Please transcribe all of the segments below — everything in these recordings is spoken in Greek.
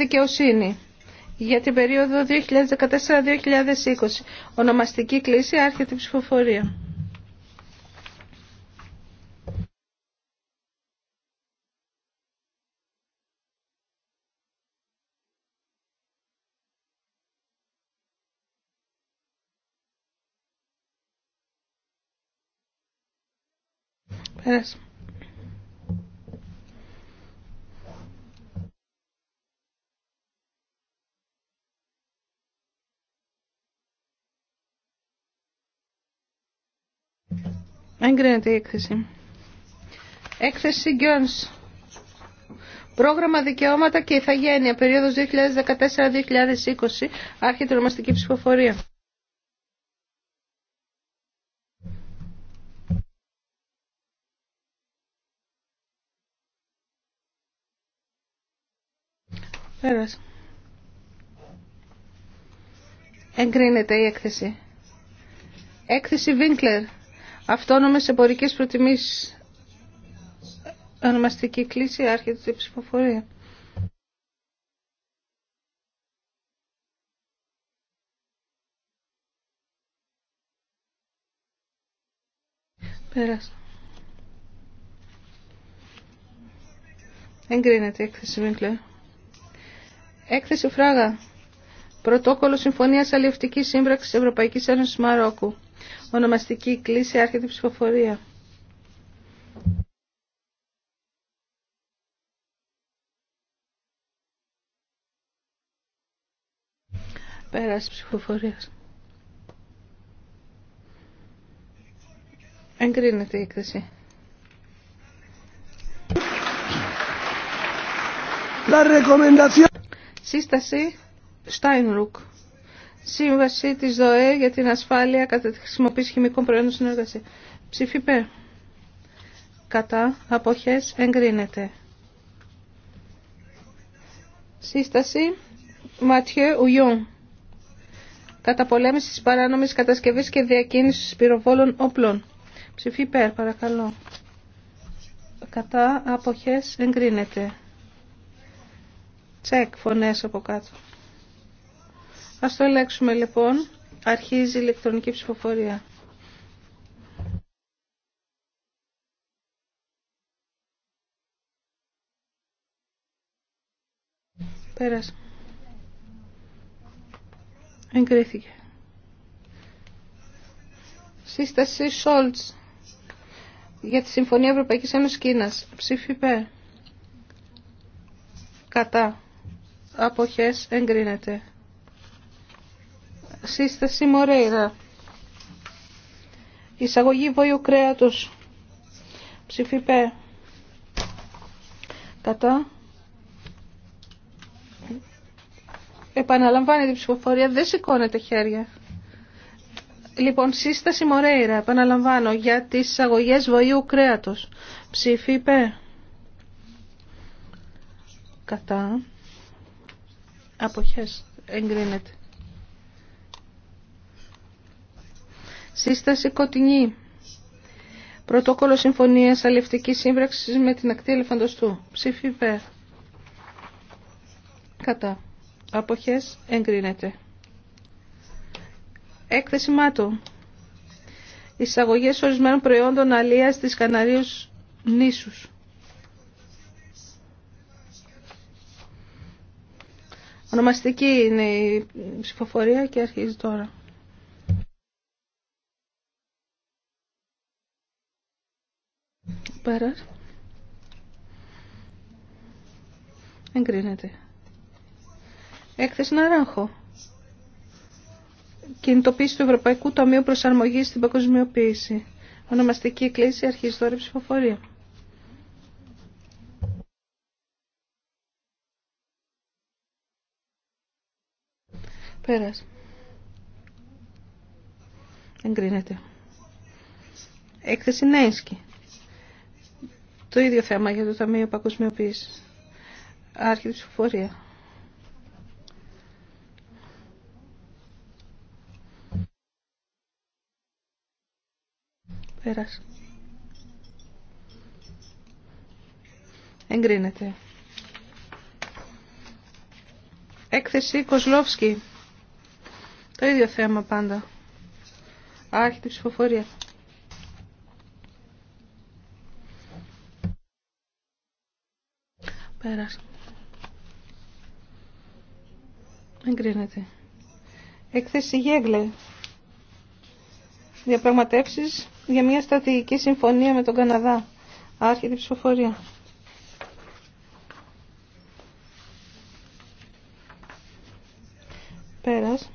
δικαιοσύνη για την περίοδο 2014-2020. Ονομαστική κλίση άρχεται η ψηφοφορία. Εγκρίνεται η έκθεση. Έκθεση Γκιόνς. Πρόγραμμα Δικαιώματα και Ιθαγένεια, περίοδος 2014-2020, άρχεται ονομαστική ψηφοφορία. Πέρασε. Εγκρίνεται η έκθεση. Έκθεση Βίνκλερ. Αυτόνομες εμπορικές προτιμήσεις. Ονομαστική κλίση άρχεται η ψηφοφορία. Πέρασε. Εγκρίνεται η έκθεση Βίγκλερ. Έκθεση Φράγα. Πρωτόκολλο Συμφωνίας Αλληλευτική Σύμπραξης Ευρωπαϊκής Ένωσης Μαρόκου. Ονομαστική κλίση άρχεται ψηφοφορία. Πέραση ψηφοφορίας. Εγκρίνεται η έκθεση. Σύσταση Steinruck. Σύμβαση της ΔΟΕ για την ασφάλεια κατά τη χρησιμοποίηση χημικών προϊόντων στην εργασία. Ψήφι Κατά αποχές εγκρίνεται. Σύσταση Ματιέ Ουγιόν. Καταπολέμηση της παράνομης κατασκευής και διακίνησης πυροβόλων όπλων. Ψηφί υπέρ, παρακαλώ. Κατά αποχές εγκρίνεται. Τσεκ, φωνές από κάτω. Ας το ελέγξουμε λοιπόν. Αρχίζει η ηλεκτρονική ψηφοφορία. Πέρασε. Εγκρίθηκε. Σύσταση Σόλτς για τη Συμφωνία Ευρωπαϊκής Ένωσης Κίνας. Ψήφι Κατά. Αποχές εγκρίνεται σύσταση Μορέιρα. Εισαγωγή βοήου κρέατος. Ψηφίπε. Κατά. Επαναλαμβάνεται η ψηφοφορία. Δεν σηκώνεται χέρια. Λοιπόν, σύσταση Μορέιρα, επαναλαμβάνω, για τις εισαγωγές βοήου κρέατος. Ψήφι Κατά. Αποχές. Εγκρίνεται. Σύσταση Κοτινή. Πρωτόκολλο Συμφωνίας Αλληλευτικής σύμπραξη με την ακτή Ελεφαντοστού. Ψήφι Κατά. Αποχές εγκρίνεται. Έκθεση ΜΑΤΟ. Εισαγωγέ ορισμένων προϊόντων αλίας της καναρίου νήσους. Ονομαστική είναι η ψηφοφορία και αρχίζει τώρα. Πέρας. Εγκρίνεται. Έκθεση να ράχω. Κινητοποίηση του Ευρωπαϊκού Ταμείου Προσαρμογής στην Παγκοσμιοποίηση. Ονομαστική εκκλήση αρχίζει τώρα η ψηφοφορία. Πέρας. Εγκρίνεται. Έκθεση Νέισκι. Το ίδιο θέμα για το Ταμείο πακοσμιοποίηση. Άρχιτη ψηφοφορία. Πέρασε. Εγκρίνεται. Έκθεση Κοσλόφσκι. Το ίδιο θέμα πάντα. Άρχιτη ψηφοφορία. Πέρας. Έκθεση Γέγλε. Διαπραγματεύσεις για μια στρατηγική συμφωνία με τον Καναδά. Άρχεται ψηφοφορία. Πέρας.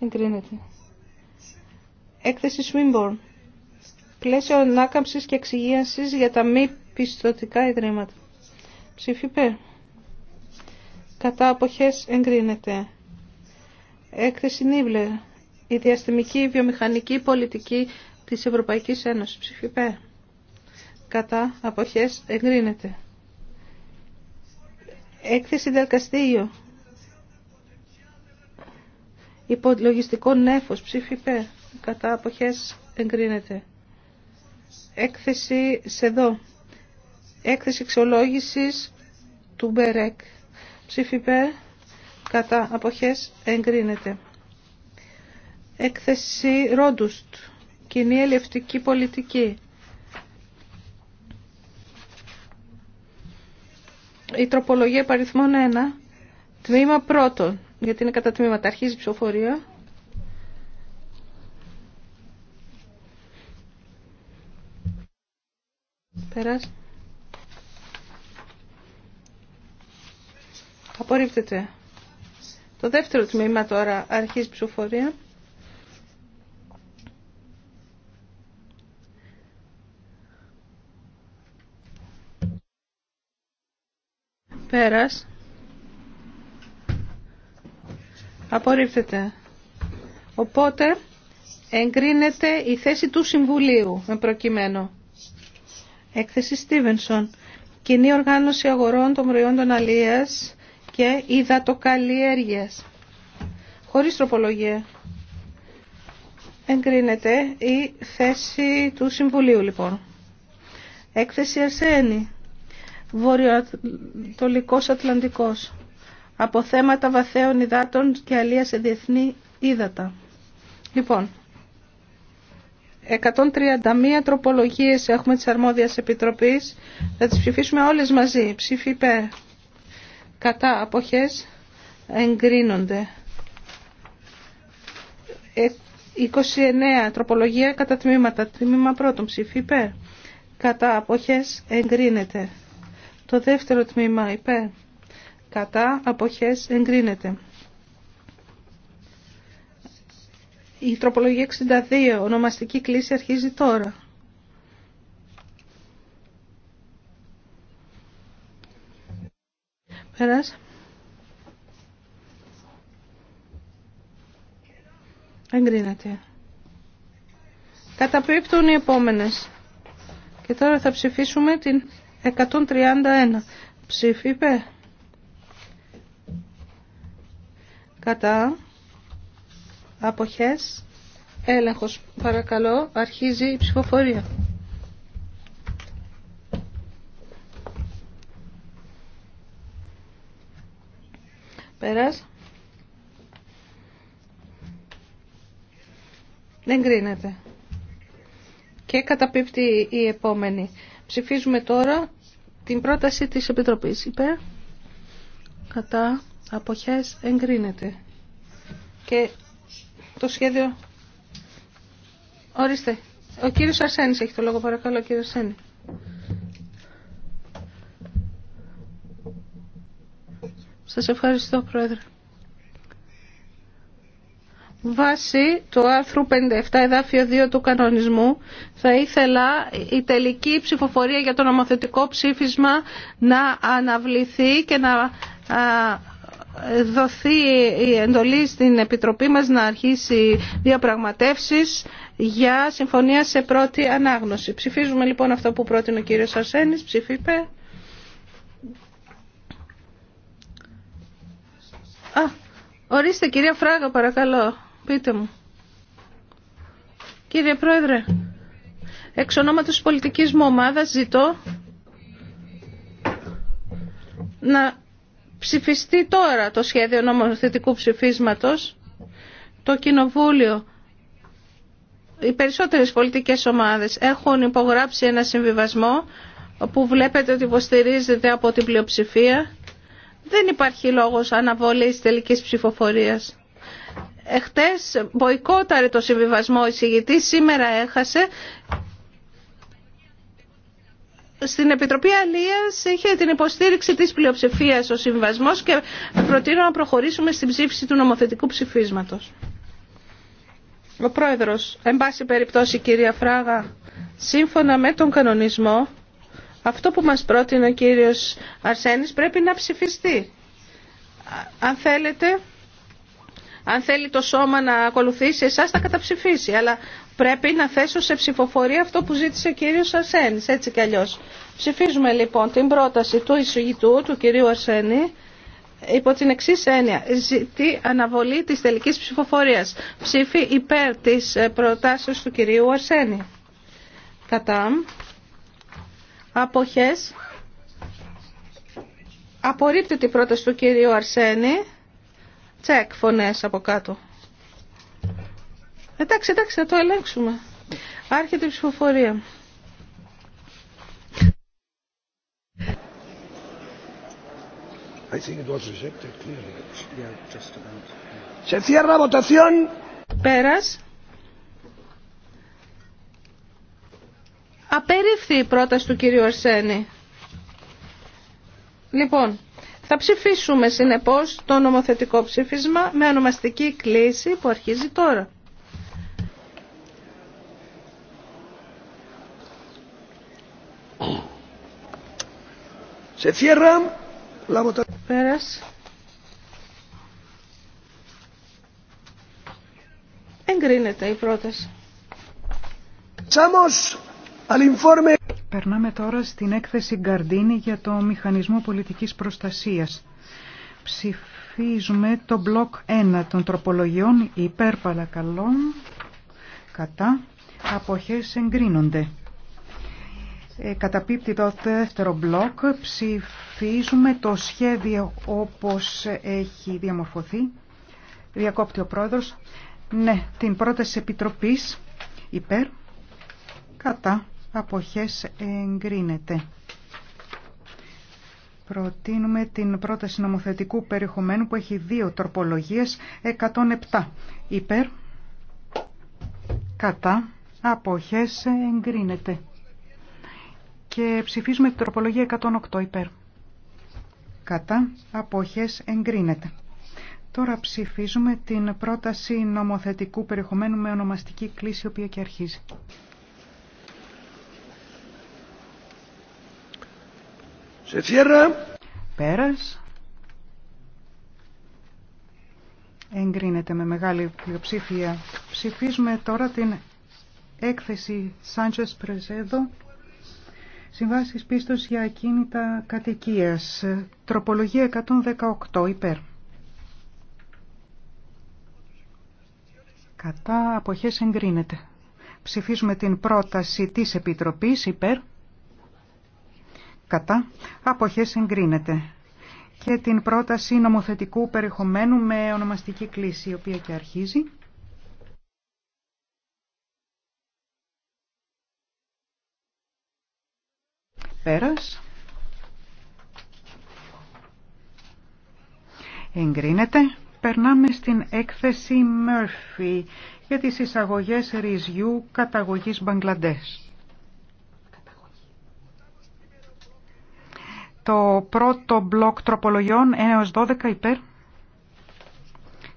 Εγκρίνεται. Έκθεση Swinburne πλαίσιο ανάκαμψη και εξυγίανση για τα μη πιστωτικά ιδρύματα. Ψήφι Κατά αποχέ εγκρίνεται. Έκθεση Νίβλερ. Η διαστημική βιομηχανική πολιτική της Ευρωπαϊκή Ένωση. Ψήφι Κατά απόχέ εγκρίνεται. Έκθεση Δελκαστήγιο. Υπολογιστικό νέφος. Ψήφι Κατά αποχές εγκρίνεται έκθεση σε εδώ. Έκθεση εξολόγησης του Μπερέκ. ψηφιπέ κατά αποχές εγκρίνεται. Έκθεση Ρόντουστ, κοινή ελευτική πολιτική. Η τροπολογία παριθμών 1, τμήμα πρώτο γιατί είναι κατά τμήματα, αρχίζει η ψηφοφορία. Πέρας. Απορρίπτεται. Το δεύτερο τμήμα τώρα αρχίζει ψηφοφορία. Πέρας. Απορρίπτεται. Οπότε εγκρίνεται η θέση του Συμβουλίου, με προκειμένο. Έκθεση Στίβενσον. Κοινή οργάνωση αγορών των προϊόντων αλίας και υδατοκαλλιέργειας. Χωρίς τροπολογία. Εγκρίνεται η θέση του Συμβουλίου λοιπόν. Έκθεση Αρσένη. Βορειοατολικός Ατλαντικός. Από θέματα βαθέων υδάτων και αλίας σε διεθνή ύδατα. Λοιπόν, 131 τροπολογίες έχουμε της αρμόδιας επιτροπής. Θα τις ψηφίσουμε όλες μαζί. Ψήφι υπέρ. Κατά αποχές εγκρίνονται. 29 ε, τροπολογία κατά τμήματα. Τμήμα πρώτον ψήφι υπέρ. Κατά αποχές εγκρίνεται. Το δεύτερο τμήμα υπέρ. Κατά αποχές εγκρίνεται. Η τροπολογία 62, ονομαστική κλίση, αρχίζει τώρα. Πέρας. Εγκρίνεται. Καταπίπτουν οι επόμενες. Και τώρα θα ψηφίσουμε την 131. Ψήφιπε. Κατά αποχές, έλεγχος. Παρακαλώ, αρχίζει η ψηφοφορία. Πέρας. Δεν κρίνεται. Και καταπίπτει η επόμενη. Ψηφίζουμε τώρα την πρόταση της Επιτροπής. Είπε. Κατά. Αποχές εγκρίνεται. Και το σχέδιο. Ορίστε. Ο κύριος Αρσένης έχει το λόγο, παρακαλώ, κύριο Αρσένη. Σας ευχαριστώ, Πρόεδρε. Βάσει του άρθρου 57 εδάφιο 2 του κανονισμού θα ήθελα η τελική ψηφοφορία για το νομοθετικό ψήφισμα να αναβληθεί και να δοθεί η εντολή στην Επιτροπή μας να αρχίσει διαπραγματεύσεις για συμφωνία σε πρώτη ανάγνωση. Ψηφίζουμε λοιπόν αυτό που πρότεινε ο κύριος Αρσένης. Ψηφίπε. Α, ορίστε κυρία Φράγα παρακαλώ. Πείτε μου. Κύριε Πρόεδρε, εξ ονόματος πολιτικής μου ομάδας ζητώ να ψηφιστεί τώρα το σχέδιο νομοθετικού ψηφίσματος. Το Κοινοβούλιο, οι περισσότερες πολιτικές ομάδες έχουν υπογράψει ένα συμβιβασμό που βλέπετε ότι υποστηρίζεται από την πλειοψηφία. Δεν υπάρχει λόγος αναβολής τελικής ψηφοφορίας. Εχθές μποϊκόταρε το συμβιβασμό εισηγητή, σήμερα έχασε στην Επιτροπή Αλίας είχε την υποστήριξη της πλειοψηφίας ο συμβασμός και προτείνω να προχωρήσουμε στην ψήφιση του νομοθετικού ψηφίσματος. Ο Πρόεδρος, εν πάση περιπτώσει κυρία Φράγα, σύμφωνα με τον κανονισμό, αυτό που μας πρότεινε ο κύριος Αρσένης πρέπει να ψηφιστεί. Αν θέλετε, αν θέλει το σώμα να ακολουθήσει εσάς θα καταψηφίσει. Αλλά πρέπει να θέσω σε ψηφοφορία αυτό που ζήτησε ο κύριος Αρσένης, έτσι κι αλλιώς. Ψηφίζουμε λοιπόν την πρόταση του εισηγητού, του κυρίου Αρσένη, υπό την εξή έννοια. Ζητεί αναβολή της τελικής ψηφοφορίας. Ψήφι υπέρ της ε, προτάσεως του κυρίου Αρσένη. Κατά. Αποχές. Απορρίπτεται η πρόταση του κυρίου Αρσένη. Τσεκ φωνές από κάτω. Εντάξει, εντάξει, θα το ελέγξουμε. Άρχεται η ψηφοφορία. I think Πέρας. Απερίφθη η πρόταση του κυρίου Αρσένη. Λοιπόν, θα ψηφίσουμε συνεπώς το νομοθετικό ψήφισμα με ονομαστική κλίση που αρχίζει τώρα. Σε Πέρας. Εγκρίνεται η πρόταση. Σαμος, al Περνάμε τώρα στην έκθεση Γκαρντίνη για το Μηχανισμό Πολιτικής Προστασίας. Ψηφίζουμε το μπλοκ 1 των τροπολογιών υπέρ παρακαλώ, κατά, αποχές εγκρίνονται. Ε, καταπίπτει το δεύτερο μπλοκ, ψηφίζουμε το σχέδιο όπως έχει διαμορφωθεί. Διακόπτει ο πρόεδρος. Ναι, την πρόταση επιτροπής υπέρ, κατά, αποχές εγκρίνεται. Προτείνουμε την πρόταση νομοθετικού περιεχομένου που έχει δύο τροπολογίες, 107 υπέρ, κατά, αποχές εγκρίνεται. Και ψηφίζουμε την τροπολογία 108 υπέρ. Κατά, αποχές εγκρίνεται. Τώρα ψηφίζουμε την πρόταση νομοθετικού περιεχομένου με ονομαστική κλίση, η οποία και αρχίζει. Σε Πέρας. Εγκρίνεται με μεγάλη πλειοψήφια. Ψηφίζουμε τώρα την έκθεση Σάντζες Πρεζέδο. Συμβάσεις πίστος για ακίνητα κατοικίας. Τροπολογία 118 υπέρ. Κατά αποχές εγκρίνεται. Ψηφίζουμε την πρόταση της Επιτροπής υπέρ κατά, αποχές εγκρίνεται. Και την πρόταση νομοθετικού περιεχομένου με ονομαστική κλίση, η οποία και αρχίζει. Πέρας. Εγκρίνεται. Περνάμε στην έκθεση Murphy για τις εισαγωγές ρυζιού καταγωγής Μπαγκλαντές. Το πρώτο μπλοκ τροπολογιών 1 έως 12 υπέρ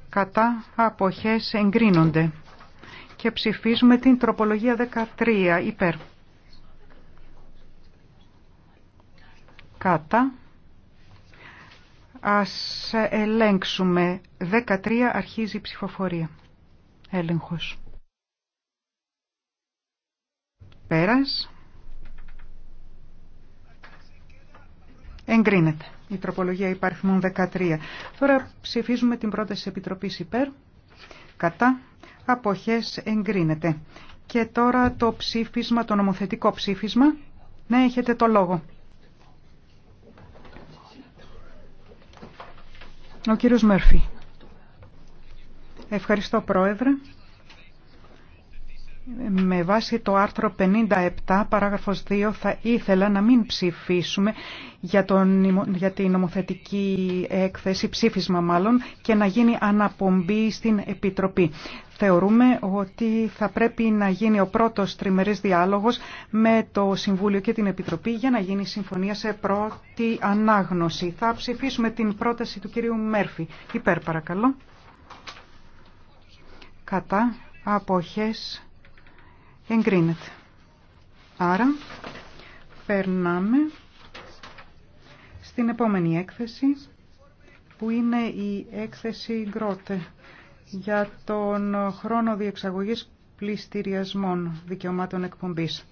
κατά αποχές εγκρίνονται. Και ψηφίζουμε την τροπολογία 13 υπέρ. Κατά. Ας ελέγξουμε. 13 αρχίζει η ψηφοφορία. Έλεγχος. Πέρας. Εγκρίνεται. Η τροπολογία υπάρχει μόνο 13. Τώρα ψηφίζουμε την πρόταση της Επιτροπής υπέρ. Κατά. Αποχές εγκρίνεται. Και τώρα το ψήφισμα, το νομοθετικό ψήφισμα. Ναι, έχετε το λόγο. Ο κύριος Μέρφη. Ευχαριστώ, Πρόεδρε με βάση το άρθρο 57 παράγραφος 2 θα ήθελα να μην ψηφίσουμε για, τον, για την νομοθετική έκθεση, ψήφισμα μάλλον, και να γίνει αναπομπή στην Επιτροπή. Θεωρούμε ότι θα πρέπει να γίνει ο πρώτος τριμερής διάλογος με το Συμβούλιο και την Επιτροπή για να γίνει συμφωνία σε πρώτη ανάγνωση. Θα ψηφίσουμε την πρόταση του κυρίου Μέρφη. Υπέρ παρακαλώ. Κατά. Αποχές εγκρίνεται. Άρα, περνάμε στην επόμενη έκθεση, που είναι η έκθεση Γκρότε για τον χρόνο διεξαγωγής πληστηριασμών δικαιωμάτων εκπομπής.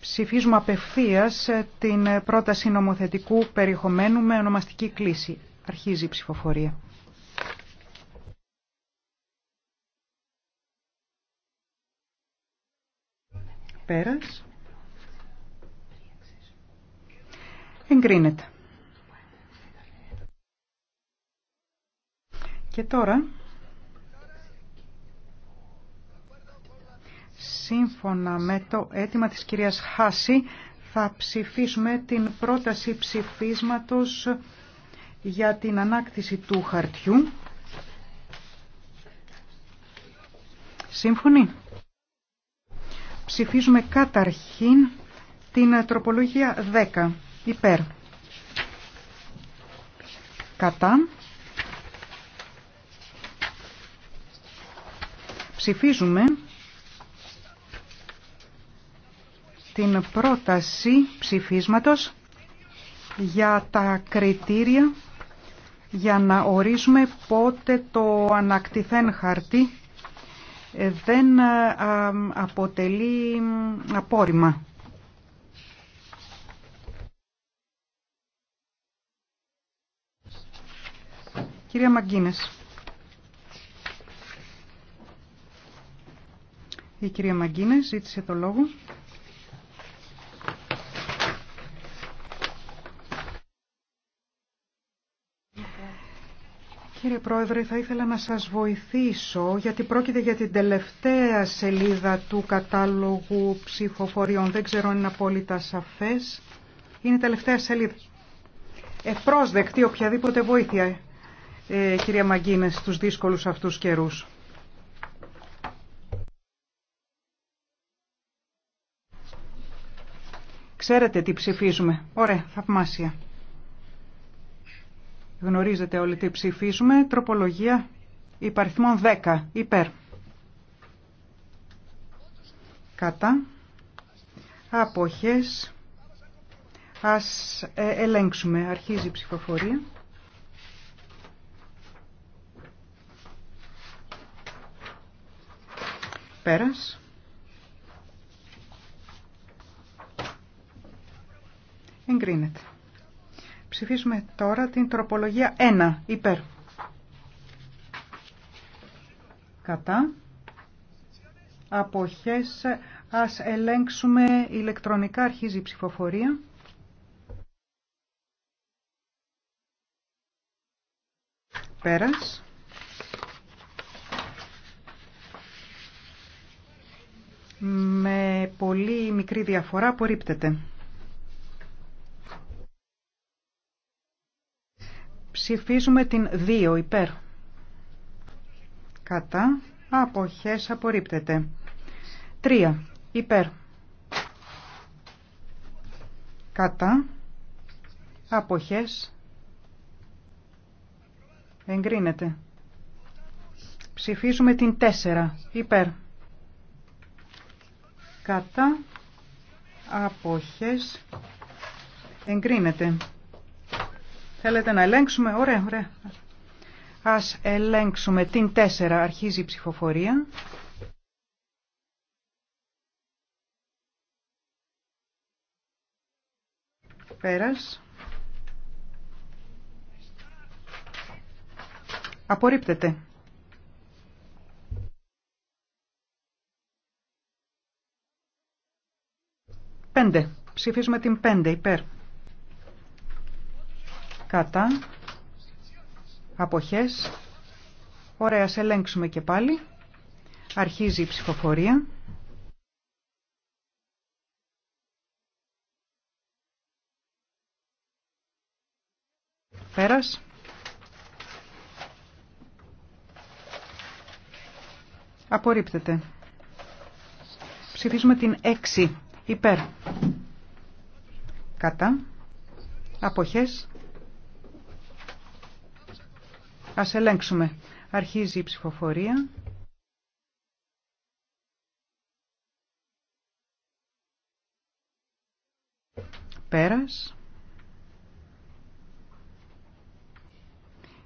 Ψηφίζουμε απευθείας την πρόταση νομοθετικού περιεχομένου με ονομαστική κλίση. Αρχίζει η ψηφοφορία. Πέρας. Εγκρίνεται. Και τώρα, σύμφωνα με το αίτημα της κυρίας Χάση, θα ψηφίσουμε την πρόταση ψηφίσματος για την ανάκτηση του χαρτιού. Σύμφωνοι. Ψηφίζουμε καταρχήν την τροπολογία 10. Υπέρ. Κατά. Ψηφίζουμε την πρόταση ψηφίσματος για τα κριτήρια για να ορίσουμε πότε το ανακτηθέν χαρτί ε, δεν ε, αποτελεί απόρριμα. Κυρία Μαγκίνες. Η κυρία Μαγκίνες ζήτησε το λόγο. Κύριε Πρόεδρε, θα ήθελα να σας βοηθήσω γιατί πρόκειται για την τελευταία σελίδα του κατάλογου ψηφοφοριών. Δεν ξέρω αν είναι απόλυτα σαφές. Είναι η τελευταία σελίδα. Ευπρόσδεκτη οποιαδήποτε βοήθεια, ε, κυρία Μαγκίνες, στους δύσκολους αυτούς καιρούς. Ξέρετε τι ψηφίζουμε. Ωραία, θαυμάσια. Γνωρίζετε όλοι τι ψηφίζουμε. Τροπολογία υπαριθμών 10. Υπέρ. Κατά. Αποχές. Ας ε, ελέγξουμε. Αρχίζει η ψηφοφορία. Πέρας. Εγκρίνεται ψηφίσουμε τώρα την τροπολογία 1 υπέρ. Κατά. Αποχές. Ας ελέγξουμε ηλεκτρονικά. Αρχίζει η ψηφοφορία. Πέρας. Με πολύ μικρή διαφορά απορρίπτεται. Ψηφίζουμε την 2 υπέρ. Κατά. Αποχές απορρίπτεται. 3 υπέρ. Κατά. Αποχές εγκρίνεται. Ψηφίζουμε την 4 υπέρ. Κατά. Αποχές εγκρίνεται. Θέλετε να ελέγξουμε. Ωραία, ωραία. Ας ελέγξουμε την 4. Αρχίζει η ψηφοφορία. Πέρας. Απορρίπτεται. Πέντε. Ψηφίζουμε την πέντε υπέρ κατά, αποχές. Ωραία, σε ελέγξουμε και πάλι. Αρχίζει η ψηφοφορία. Πέρας. Απορρίπτεται. Ψηφίζουμε την 6. Υπέρ. Κατά. Αποχές. Ας ελέγξουμε. Αρχίζει η ψηφοφορία. Πέρας.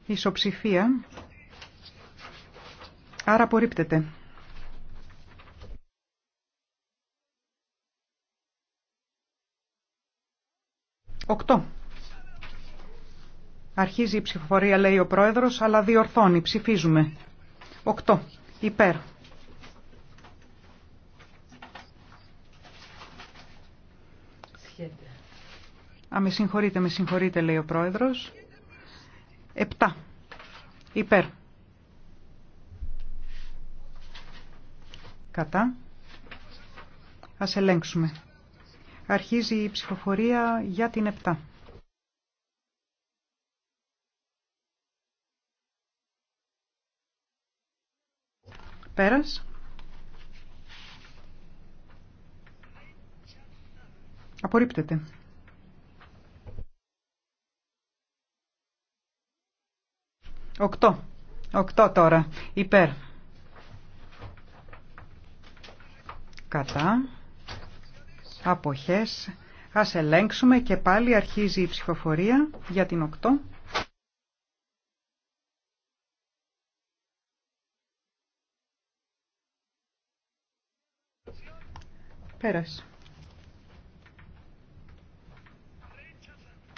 Ισοψηφία. Άρα απορρίπτεται. Οκτώ. Αρχίζει η ψηφοφορία, λέει ο πρόεδρος, αλλά διορθώνει. Ψηφίζουμε. 8. Υπέρ. Α, με συγχωρείτε, με συγχωρείτε, λέει ο πρόεδρος. 7. Υπέρ. Κατά. Ας ελέγξουμε. Αρχίζει η ψηφοφορία για την 7. Πέρας. Απορρίπτεται. Οκτώ. Οκτώ τώρα. Υπέρ. Κατά. Αποχές. Ας ελέγξουμε και πάλι αρχίζει η ψηφοφορία για την οκτώ. Πέρας.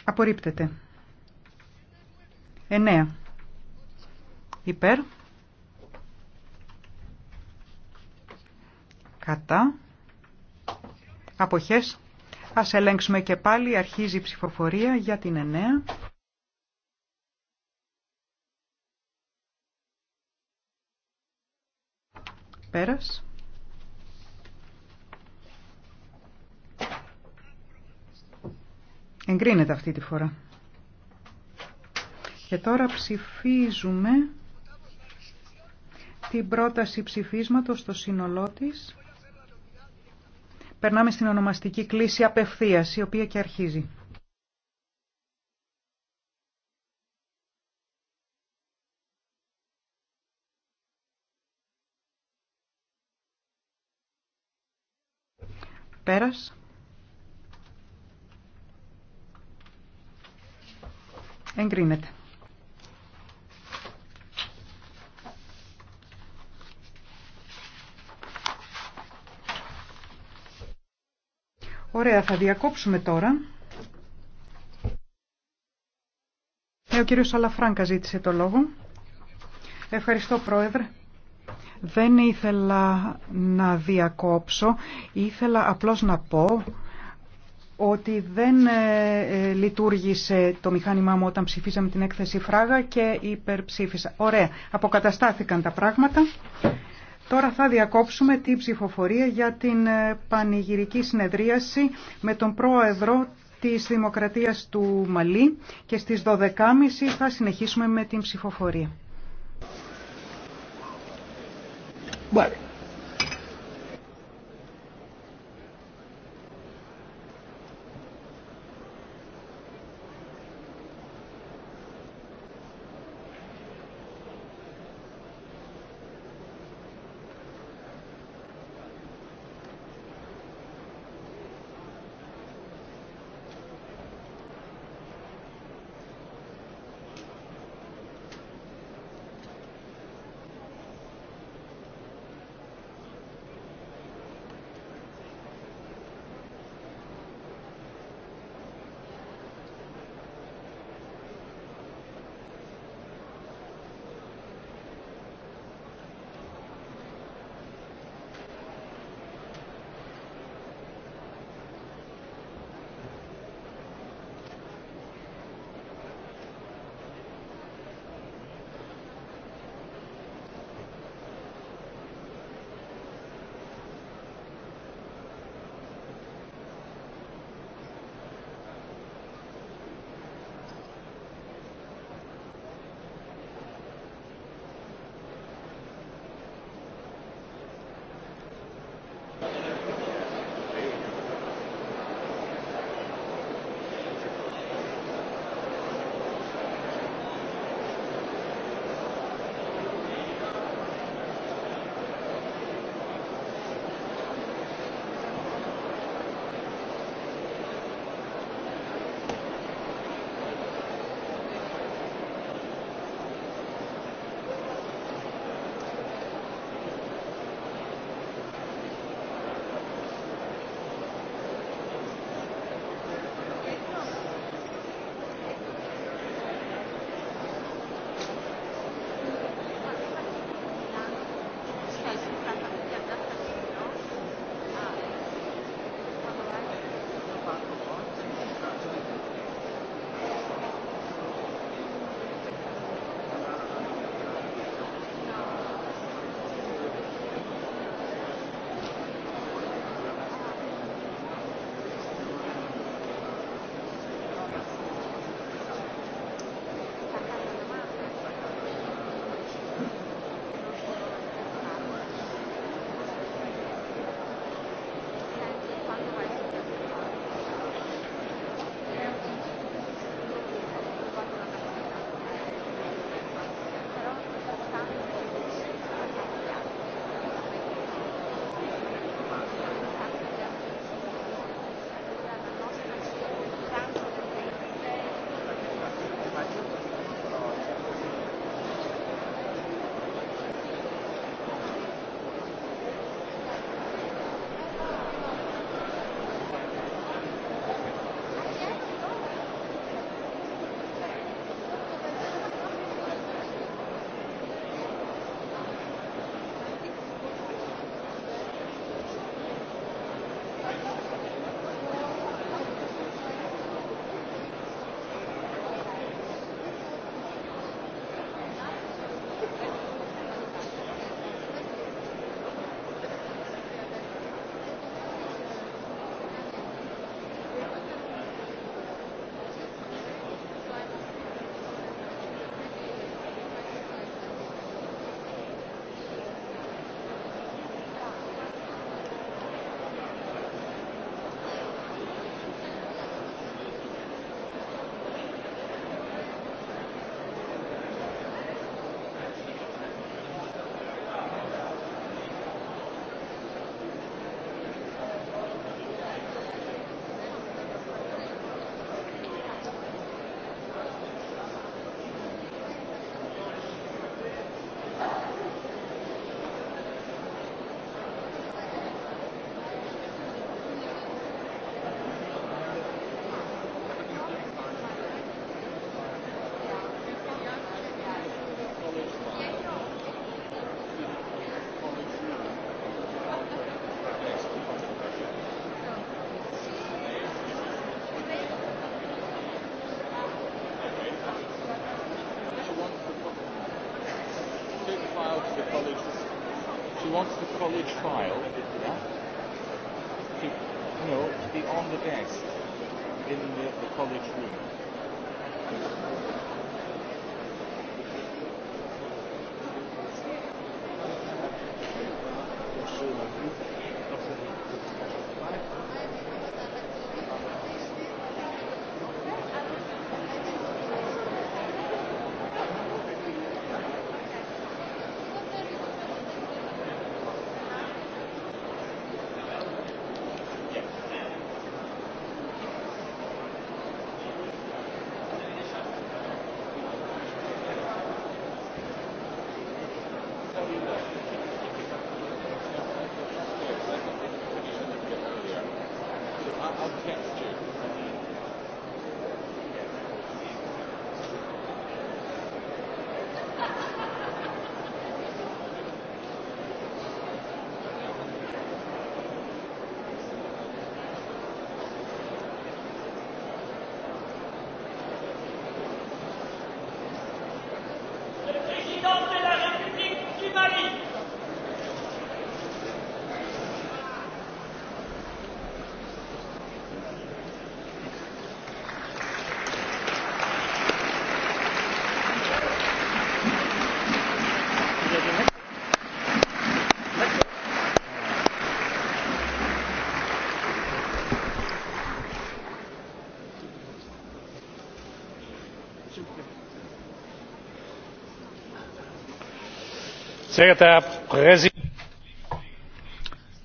Απορρίπτεται. 9. Υπέρ. Κατά. Αποχές. Ας ελέγξουμε και πάλι. Αρχίζει η ψηφοφορία για την 9. Πέρας. Εγκρίνεται αυτή τη φορά. Και τώρα ψηφίζουμε την πρόταση ψηφίσματος στο σύνολό της. Περνάμε στην ονομαστική κλίση απευθείας, η οποία και αρχίζει. Πέρας. Εγκρίνεται. Ωραία, θα διακόψουμε τώρα. Ε, ο κύριος Αλαφράνκα ζήτησε το λόγο. Ευχαριστώ, Πρόεδρε. Δεν ήθελα να διακόψω, ήθελα απλώς να πω ότι δεν ε, ε, λειτουργήσε το μηχάνημά μου όταν ψηφίσαμε την έκθεση Φράγα και υπερψήφισα. Ωραία, αποκαταστάθηκαν τα πράγματα. Τώρα θα διακόψουμε την ψηφοφορία για την ε, πανηγυρική συνεδρίαση με τον πρόεδρο της Δημοκρατίας του Μαλή και στις 12.30 θα συνεχίσουμε με την ψηφοφορία.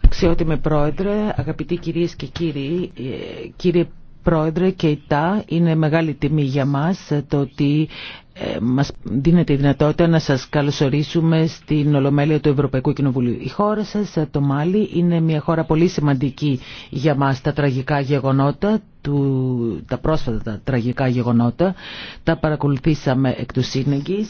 Αξιότιμε Πρόεδρε, αγαπητοί κυρίες και κύριοι, ε, κύριε Πρόεδρε και ΤΑ είναι μεγάλη τιμή για μας ε, το ότι ε, μας δίνεται η δυνατότητα να σας καλωσορίσουμε στην Ολομέλεια του Ευρωπαϊκού Κοινοβουλίου. Η χώρα σας, το Μάλι, είναι μια χώρα πολύ σημαντική για μας τα τραγικά γεγονότα, τα πρόσφατα τραγικά γεγονότα. Τα παρακολουθήσαμε εκ του σύνεγγης.